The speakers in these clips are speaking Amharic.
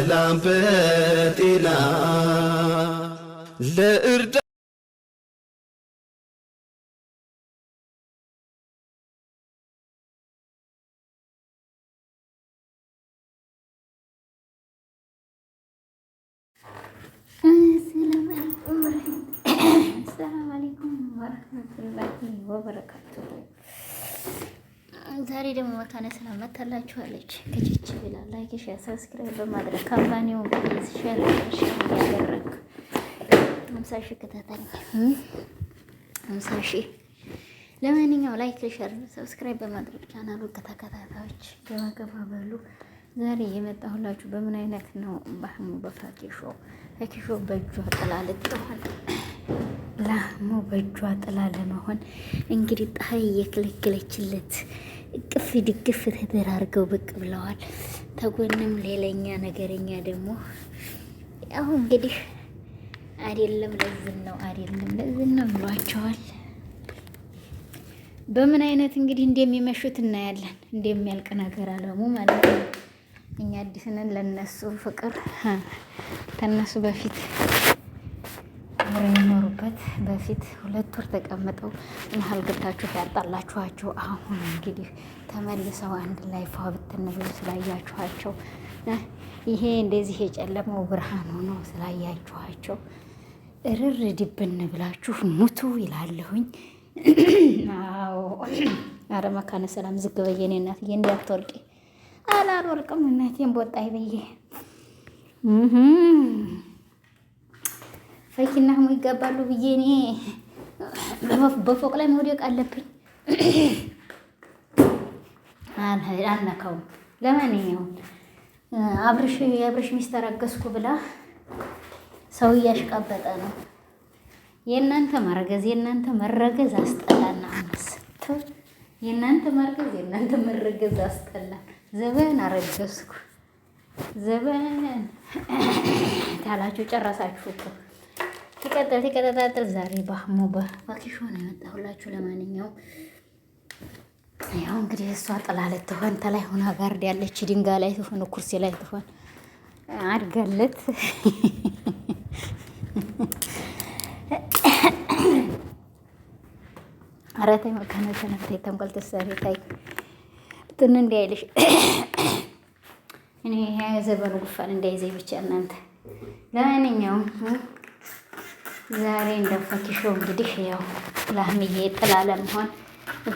ሰላበት ኢና ለእርዳ السلام عليكم ورحمة الله وبركاته ዛሬ ደግሞ መካነ ሰላም መታላችኋለች። ከችች ብላ ላይክ፣ ሼር፣ ሰብስክራይብ በማድረግ ካምፓኒው ፕሊዝ ሼር ሼር ያደረግ ሀምሳ ሺህ ክተተኝ ሀምሳ ሺህ ለማንኛው ላይክ፣ ሼር፣ ሰብስክራይብ በማድረግ ቻናሉ ከተከታታዮች ገባ ገባ በሉ። ዛሬ የመጣሁላችሁ በምን አይነት ነው ባህሙ በፋኪሾ ፋኪሾ በእጇ ጥላ ልትሆን ላህሙ በእጇ ጥላ ለመሆን እንግዲህ ፀሐይ እየከለከለችለት እቅፍ ድግፍ ተደራርገው ብቅ ብለዋል። ተጎንም ሌላኛ ነገረኛ ደግሞ ያው እንግዲህ አይደለም ለዝን ነው አይደለም ለዝን ነው ብሏቸዋል። በምን አይነት እንግዲህ እንደሚመሹት እናያለን። እንደሚያልቅ ነገር አለሙ ማለት ነው። እኛ አዲስንን ለነሱ ፍቅር ከነሱ በፊት አብረው የኖሩበት በፊት ሁለት ወር ተቀምጠው መሀል ገብታችሁ ያጣላችኋቸው አሁን እንግዲህ ተመልሰው አንድ ላይ ፏ ብትን ብለው ስላያችኋቸው ይሄ እንደዚህ የጨለመው ብርሃን ሆኖ ስላያችኋቸው እርር ድብን ብላችሁ ሙቱ ይላለሁኝ። አዎ አረ መካነ ሰላም ዝግ በይ የኔ እናትዬ፣ እንዳትወርቂ። አላልወርቅም እናቴን ቦጣይ በይ ፈኪና ህሙ ይጋባሉ ብዬ እኔ በፎቅ ላይ መውደቅ አለብኝ። አልነካውም። ለማንኛውም አብርሽ የአብርሽ ሚስት አረገዝኩ ብላ ሰው እያሽቃበጠ ነው። የእናንተ መረገዝ የእናንተ መረገዝ አስጠላና አመስቶ የእናንተ መረገዝ የእናንተ መረገዝ አስጠላ። ዘበን አረገዝኩ ዘበን ታላችሁ ጨረሳችሁ እኮ ትቀጥል ትቀጠጣጥል። ዛሬ ባህሙ በዋኪሾ ነው የመጣሁላችሁ። ለማንኛውም ያው እንግዲህ እሷ ጥላ ልትሆን ተላይ ሆና ጋርድ ያለች ድንጋይ ላይ ትሆን ኩርሲ ላይ ትሆን አድጋለት ኧረ መካነ ሰላም ተይ ተንቆልተሽ ታይ ተይ ትን እንዳይልሽ እኔ የዘበኑ ጉፋን እንዳይዘኝ ብቻ እናንተ ለማንኛውም ዛሬ እንደፈኪሾ እንግዲህ ያው ላህምዬ ጥላ ለመሆን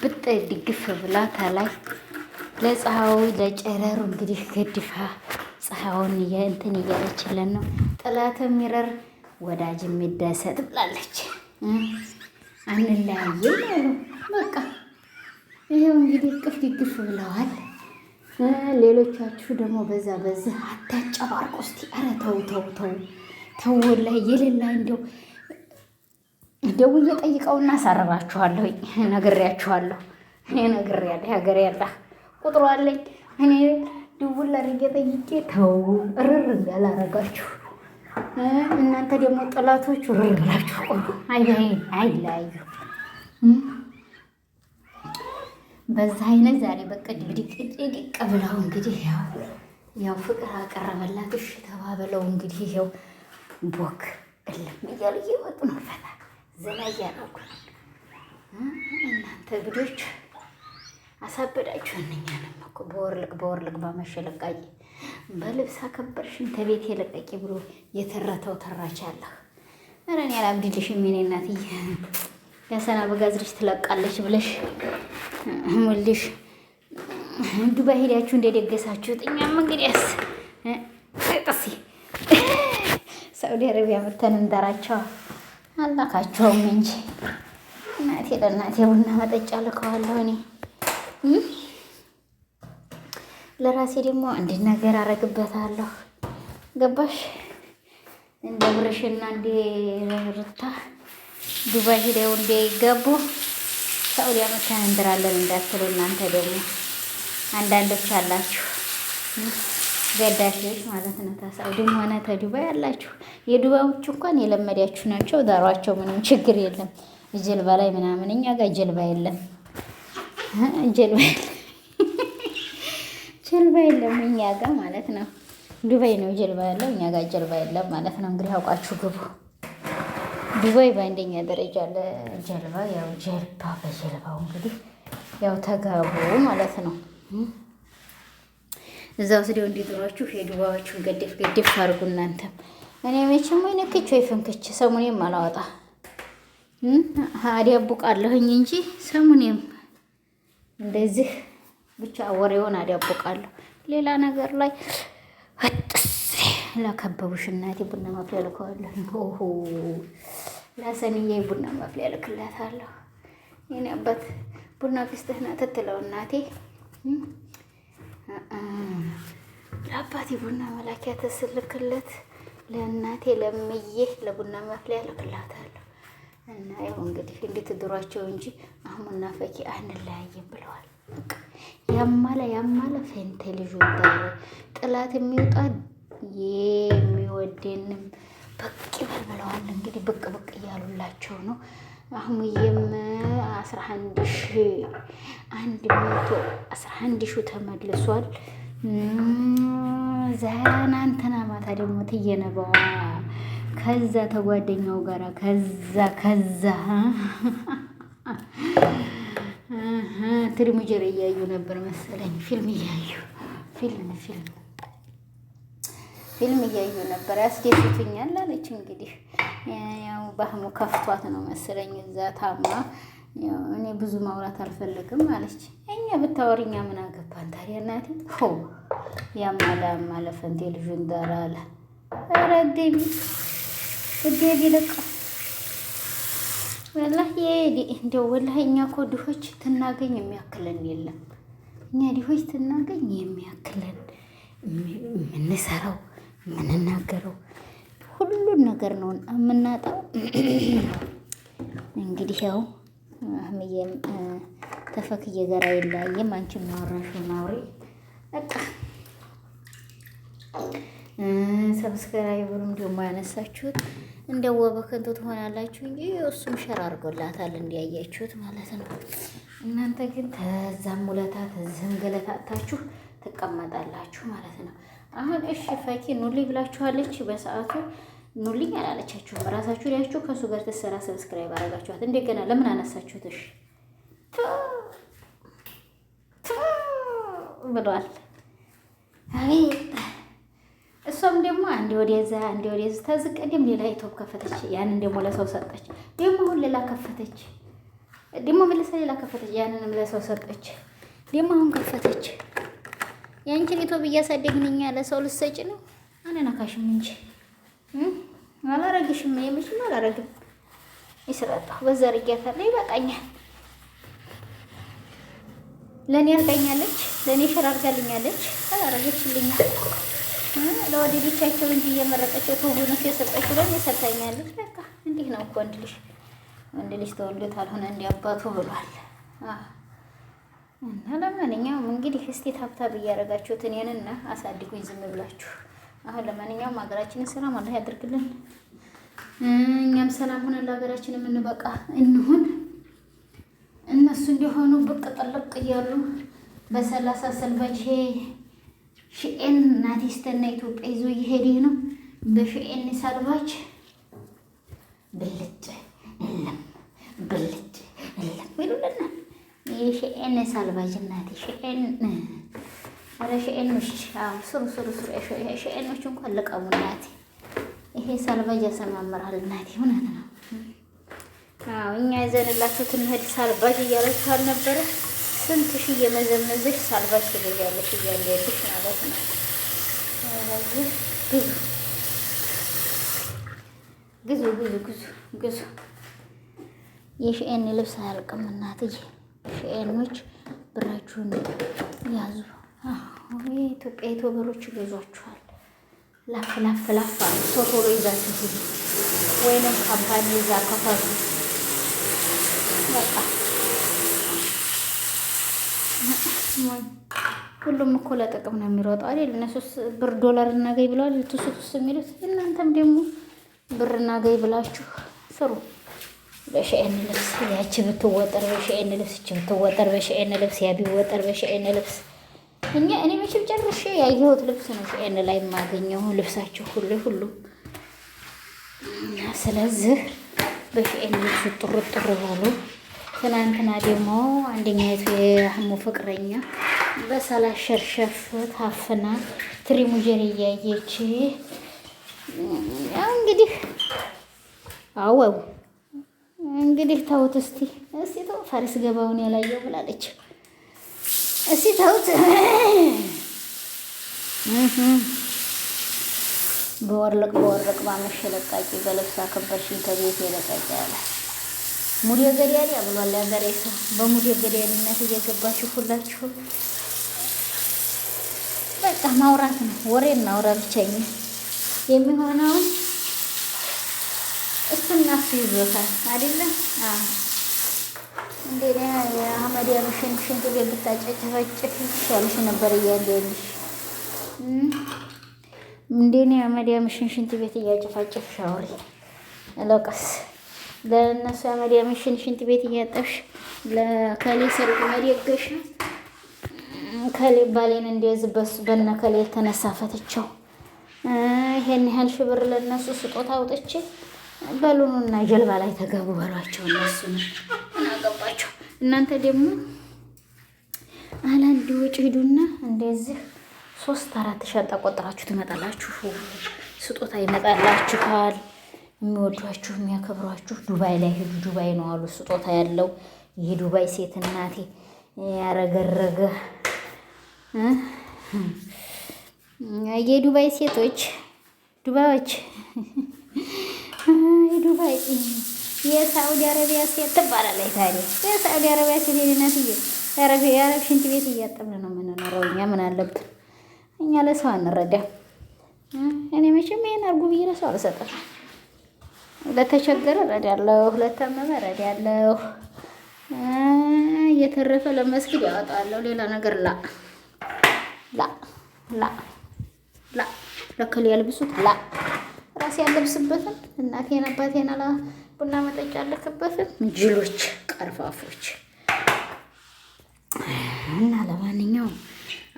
ብጥ ድግፍ ብላ ከላይ ለፀሐዩ ለጨረሩ እንግዲህ ገድፋ ፀሐዩን እንትን እያለችለን ነው። ጥላት የሚረር ወዳጅ የሚደሰት ብላለች። አንለያየም ያሉ በቃ ይሄው እንግዲህ ቅፍ ድግፍ ብለዋል። ሌሎቻችሁ ደግሞ በዛ በዚህ አታጨባርቁ እስቲ። ኧረ ተው ተው ተው ተው ወላሂ የሌላ እንደው ደውዬ ጠይቀውና አሳርራችኋለሁ። ነግሬያችኋለሁ። እኔ ነግሬያለሁ። ሀገር ያለ ቁጥሩ አለኝ። እኔ ድውል አድርጌ ጠይቄ ተው እርር እንዳላረጋችሁ እናንተ ደግሞ ጠላቶች እርር ብላችሁ ቆዩ። አይለያዩ በዛ አይነት ዛሬ በቀድ ድቅድቅ ብለው እንግዲህ ያው ያው ፍቅር አቀረበላት። እሺ ተባበለው እንግዲህ ይኸው ቦክ እልም እያሉ እየወጡ ነው ፈታ ዘና እያደረኩ እናንተ ግዶች አሳበዳችሁ። እነኛንም እኮ በወርልቅ በወርልቅ ባመሸ ለቃቂ በልብስ አከበርሽን ተቤት የለቀቂ ብሎ የተረተው ተራች አለህ ረን ያላብድልሽ የኔ እናትዬ ያሰና በጋዝ ትለቃለች ብለሽ ሙልሽ ዱባይ ሄዳችሁ እንደደገሳችሁት እኛም እንግዲያስ ጥሲ ሳኡዲ አረቢያ መተን እንጠራቸዋል። አላካቸውም እንጂ እናቴ ለእናቴ ቡና መጠጫ ልከዋለሁ። እኔ ለራሴ ደግሞ አንድ ነገር አረግበታለሁ። ገባሽ? እንደ ብርሽና እንደ ርታ ዱባይ ሂደው እንዳይጋቡ ሳኡዲ አመታ እንድራለን እንዳትሉ እናንተ ደግሞ አንዳንዶች አላችሁ። ገዳፊዎች ማለት ነው። ተሳውዲም ሆነ ተዱባይ ያላችሁ የዱባዎች እንኳን የለመዳችሁ ናቸው። ዳሯቸው ምንም ችግር የለም። ጀልባ ላይ ምናምን እኛ ጋር ጀልባ የለም፣ ጀልባ የለም እኛ ጋር ማለት ነው። ዱባይ ነው ጀልባ ያለው፣ እኛ ጋር ጀልባ የለም ማለት ነው። እንግዲህ አውቃችሁ ግቡ። ዱባይ በአንደኛ ደረጃ ለጀልባ ያው ጀልባ በጀልባው እንግዲህ ያው ተጋቡ ማለት ነው። እዛ ወስደው እንዲጥሯችሁ ሄድዋችሁ ገደፍ ገደፍ አድርጉ። እናንተ እኔ መቼም ወይ ነክች ወይ ፍንክች ሰሙኔም አላወጣ አዲያቡቃለሁኝ እንጂ ሰሙኔም እንደዚህ ብቻ ወሬውን አዲያቡቃለሁ። ሌላ ነገር ላይ ወጥስ ላከበቡሽ እናቴ ቡና ማፍያ ልከዋለሁ። ኦሆ ላሰንዬ ቡና ማፍያ ልክላታለሁ። የኔ አባት ቡና ፊስትህና ትትለው እናቴ ለአባቴ ቡና መላኪያ ተስልክለት ለእናቴ ለምዬ ለቡና ማፍለያ ልክላታለሁ። እና ያው እንግዲህ እንዴት ድሯቸው እንጂ አህሙና ፈኪ አንለያይም ብለዋል። ያማለ ያማለ ፌንቴ ልጅ ወዳለ ጥላት የሚወጣ የሚወደንም ብቅ ይበል ብለዋል። እንግዲህ ብቅ ብቅ እያሉላቸው ነው። አህሙዬም አስራ አንድ ሺ አንድ መቶ አስራ አንድ ሺ ተመልሷል። ዛናንተና ማታ ደግሞ ትየነባዋ ከዛ ተጓደኛው ጋር ከዛ ከዛ ትርሙ ጀር እያዩ ነበር መሰለኝ። ፊልም እያዩ ፊልም ፊልም ፊልም እያዩ ነበር። ያስደስቱኛል አለች እንግዲህ ያው ባህሙ ከፍቷት ነው መሰለኝ እዛ ታማ እኔ ብዙ ማውራት አልፈልግም አለች። እኛ ብታወርኛ ምን አገባን ታዲያ? እናቴ ሆ ያማለ ያማለ ፈንቴ ልጁን አለ ረዴቢ እዴቢ ለቃ ወላ እንደው ወላ እኛ እኮ ድሆች ትናገኝ የሚያክለን የለም። እኛ ድሆች ትናገኝ የሚያክለን የምንሰራው የምንናገረው ሁሉን ነገር ነው የምናጣው። እንግዲህ ያው አህምዬም ተፈክዬ ጋር የለያየም። አንቺም ማወራሽው ማውሪ በቃ ሰብስክራይበሩም ደግሞ ያነሳችሁት እንደው በከንቱ ትሆናላችሁ እንጂ እሱም ሸር አድርጎላታል እንዲያያችሁት ማለት ነው። እናንተ ግን ተዛም ውለታ ተዝም ገለታታችሁ ትቀመጣላችሁ ማለት ነው። አሁን እሺ ፈኪ ኑሊ ብላችኋለች በሰዓቱ ኑልኝ አላለቻችሁም። ራሳችሁ ያችሁ ከእሱ ጋር ትሰራ ሰብስክራይብ አረጋችኋት። እንደገና ለምን አነሳችሁትሽ ብሏል። አቤት እሷም ደግሞ አንዴ ወደዛ አንዴ ወደዛ ተዝቅ ደም ሌላ ኢትዮፕ ከፈተች። ያንን ደግሞ ለሰው ሰጠች። ደግሞ አሁን ሌላ ከፈተች። ደግሞ መልሳ ሌላ ከፈተች። ያንንም ለሰው ሰጠች። ደግሞ አሁን ከፈተች። ያንቺን ኢትዮፕ እያሳደግንኛ ለሰው ልሰጭ ነው አነናካሽም እንጂ አላረግሽም፣ የምችም አላረግም። ይስረጣሁ በዛ ርጊያታለሁ። ይበቃኛል። ለእኔ አርጋኛለች፣ ለእኔ ሸር አላረገችልኛል። ለወደዴቻቸው እንጂ እየመረጠችው ከሆኖች የሰጠችው ለእኔ ሰርታኛለች። በቃ እንዲህ ነው እኮ ወንድ ልጅ ወንድ ልጅ ተወልዶት አልሆነ እንዲ ብሏል። እና ለማንኛውም እንግዲህ እስቲ ታብታብ እያደረጋችሁት እኔንና አሳድጉኝ ዝም ብላችሁ አሁን ለማንኛውም ሀገራችንን ሰላም አላህ ያደርግልን። እኛም ሰላም ሆነን ለሀገራችን የምንበቃ እንሁን። እነሱ እንዲሆኑ ብቅ ጥልቅ እያሉ በሰላሳ ሰልባጅ ሽኤን ናቲስተና ኢትዮጵያ ይዞ እየሄደ ነው። በሽኤን ሰልባጅ ብልጭ እልም ብልጭ እልም ይሉልናል። የሽኤን ሰልባጅ እናቴ ሽኤን ኧረ ሸኤኖች ስሩ ስሩ ስሩ። ሸኤኖች እንኳን ልቀሙ እናቴ። ይሄ ሳልባጅ ያሰማምራል እናቴ። እውነት ነው። እኛ ይዘንላችሁ ትንሄድ ሳልባጅ እያለች አልነበረ ስንት ሺህ እየመዘመዘሽ ሳልባጅ ትገዣለሽ ያለሽ ማለት ነው። ግዙ ግዙ ግዙ ግዙ ግዙ። የሽኤን ልብስ አያልቅም እናትዬ። ሽኤኖች ብራችሁን ያዙ። የኢትዮጵያ ዩቱበሮች ይገዟችኋል። ላፍ ላፍ ላፍ ቶሎ ቶሎ ይዛችሁ ሂዱ፣ ወይንም ካምፓኒ ይዛ ከፈሉ በቃ ሁሉም እኮ ለጥቅም ነው የሚሮጠው አይደል? እነሱስ ብር ዶላር እናገኝ ብለዋል ትሱትስ የሚሉት እናንተም ደግሞ ብር እናገኝ ብላችሁ ስሩ። በሸኤን ልብስ ያቺ ብትወጠር፣ በሸኤን ልብስ እቺ ብትወጠር፣ በሸኤን ልብስ ያ ቢወጠር፣ በሸኤን ልብስ እኛ እኔ መቼም ጨርሼ ያየሁት ልብስ ነው ኤን ላይ የማገኘው ልብሳችሁ ሁሉ ሁሉ። ስለዚህ በፊኤን ልብስ ጥሩ ጥሩ በሉ። ትናንትና ደግሞ አንደኛይቱ የህሙ ፍቅረኛ በሰላ ሸርሸፍ ታፍና ትሪሙጀን እያየች ያው እንግዲህ አወው እንግዲህ ተውት እስቲ እስቲ ተው ፋሪስ ገባውን ያላየው ብላለች። እስቲ ተውት። በወርልቅ በወርልቅ ማመሽ ለቃቂ በልብስ አከበርሽኝ ከቤት የለቀቀ ያለ ሙድ የገዳያል ብሏል ያገሬ ሰው። በሙድ የገዳያልነት እየገባችሁ ሁላችሁ በቃ ማውራት ነው፣ ወሬ እናውራ። ብቸኛ የሚሆነውን እሱና እሱ ይዞታል አይደለም። እንደኔ አህመድ ያሉሽን ሽንት ቤት ብታጨጭፈጭፍ ይሻልሽ ነበር እያለ ያለሽ እንዴኔ አመዳምሽን ሽንት ቤት እያጨፋጨፍ ሻወሪ ለቀስ ለእነሱ አመዳምሽን ሽንት ቤት እያጠፍሽ ለከሌ ሰርግ መደገሽ ከሌ ባሌን እንደዝበሱ በነ ከሌ የተነሳ ፈትቸው ይሄን ያህል ሽብር ለእነሱ ስጦታ አውጥቼ በሉኑና ጀልባ ላይ ተገቡ በሏቸው። እነሱ ምን እናንተ ደግሞ አላንድ ውጭ ሂዱና እንደዚህ ሶስት አራት ሻንጣ ቆጥራችሁ ትመጣላችሁ። ስጦታ ይመጣላችኋል። የሚወዷችሁ የሚያከብሯችሁ። ዱባይ ላይ ሂዱ። ዱባይ ነው አሉ ስጦታ ያለው ይህ ዱባይ ሴት እናቴ ያረገረገ የዱባይ ሴቶች ዱባዮች ባይ የሳዑዲ አረቢያ ሴት ትባላለች። ታዲያ የሳዑዲ አረቢያ ሴት ናትዬ። የአረብ ሽንት ቤት እያጠብን ነው የምንኖረው። እኛ ምን አለብን? እኛ ለሰው አንረዳም። እኔ መቼም ይሄን አርጉ ብዬ ለሰው አልሰጠም። ለተቸገረ እረዳለሁ፣ ለታመመ እረዳለሁ፣ እየተረፈ ለመስጊድ ያወጣለሁ። ሌላ ነገር ላ ላ ላ ላ ለከል ያልብሱት ላ ራሴ ያለብስበትን እናቴን አባቴን አላ ቡና መጠጫ አለክበትን ጅሎች ቀርፋፎች እና ለማንኛውም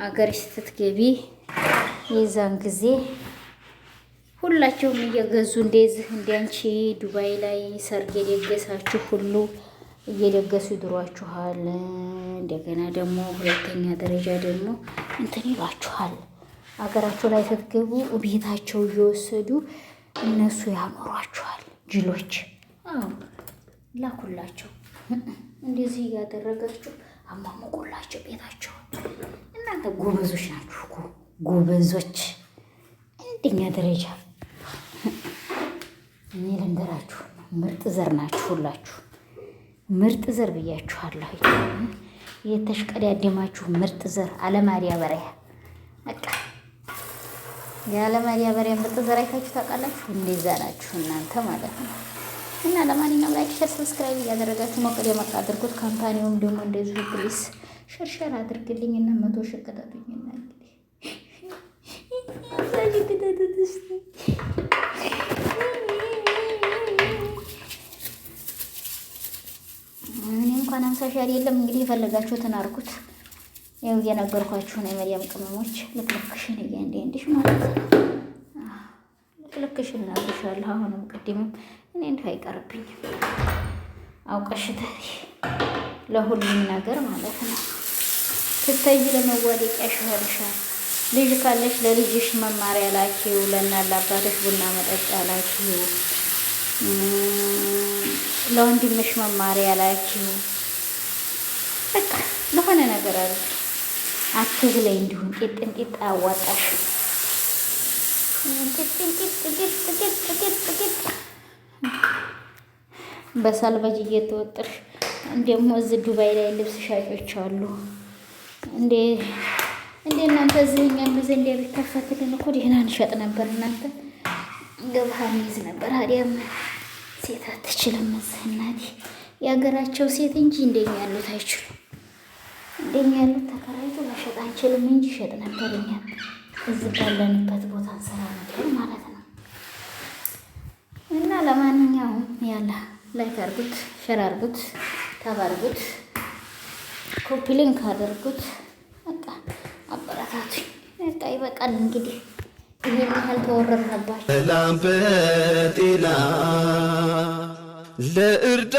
አገር ስትትገቢ የዛን ጊዜ ሁላቸውም እየገዙ እንደዚህ እንዲያንቺ ዱባይ ላይ ሰርግ የደገሳችሁ ሁሉ እየደገሱ ይድሯችኋል። እንደገና ደግሞ ሁለተኛ ደረጃ ደግሞ እንትን ይሏችኋል። አገራቸው ላይ ስትገቡ ቤታቸው እየወሰዱ እነሱ ያኖሯችኋል ጅሎች። ላኩላቸው። እንደዚህ እያደረጋችሁ አሟሙቁላቸው ቤታቸውን። እናንተ ጎበዞች ናችሁ እኮ ጎበዞች። አንደኛ ደረጃ እኔ ልንገራችሁ፣ ምርጥ ዘር ናችሁ ሁላችሁ። ምርጥ ዘር ብያችኋለሁ። የተሽቀዳደማችሁ ምርጥ ዘር አለማዳበሪያ በቃ ያለ ማዳበሪያ የምትዘራይታችሁ ታውቃላችሁ? እንደዛ ናችሁ እናንተ ማለት ነው። እና ለማንኛውም ላይክ፣ ሸር፣ ሰብስክራይብ እያደረጋችሁ ሞቅድ የመቅ አድርጉት። ካምፓኒውም ደግሞ እንደዚሁ ፕሊስ ሸርሸር አድርግልኝ እና መቶ ሺህ ቅጠጡኝ እና እኔ እንኳን አምሳ ሺህ አይደለም እንግዲህ የፈለጋችሁትን አድርጉት። ያው እየነገርኳችሁ ነው። የመዲያም ቅመሞች ልክልክሽን እያንዴ እንዲሽ ማለት ነው። ልክልክሽን እናግሻለሁ። አሁንም ቅድምም እኔ እንዲሁ አይቀርብኝም አውቀሽተ ለሁሉም ነገር ማለት ነው። ትተይ ለመዋደቂያ ሽሆንሻል። ልጅ ካለሽ ለልጅሽ መማሪያ ላኪው፣ ለእናት ለአባትሽ ቡና መጠጫ ላኪው፣ ለወንድምሽ መማሪያ ላኪው፣ በቃ ለሆነ ነገር አለ አትብለይ እንዲሁን ቂጥ አዋጣሽ በሳልቫጅ እየተወጥርሽ እንደሞ እዚህ ዱባይ ላይ ልብስ ሻጮች አሉ እንዴ! እንዴ እናንተ እዚህኛም ጊዜ እንዲያ ቢከፈትልን እኮ ደህና እንሸጥ ነበር። እናንተ ገብሃ ይዝ ነበር። አዲያም ሴት አትችልም። እዚህ እናቴ የሀገራቸው ሴት እንጂ እንደኛ ያሉት አይችሉም። እንደኛ ያሉት ተከራይቶ መሸጥ አንችልም እንጂ ሸጥ ነበር። እኛም እዚህ ባለንበት ቦታ እንሰራ ነበር ማለት ነው። እና ለማንኛውም ያለ ላይክ አርጉት፣ ሸር አርጉት፣ ታብ ኮፒ ሊንክ አድርጉት። በቃ አበረታቱ። በቃ ይበቃል እንግዲህ ይህን ያህል ተወረርነባቸው ለእርዳ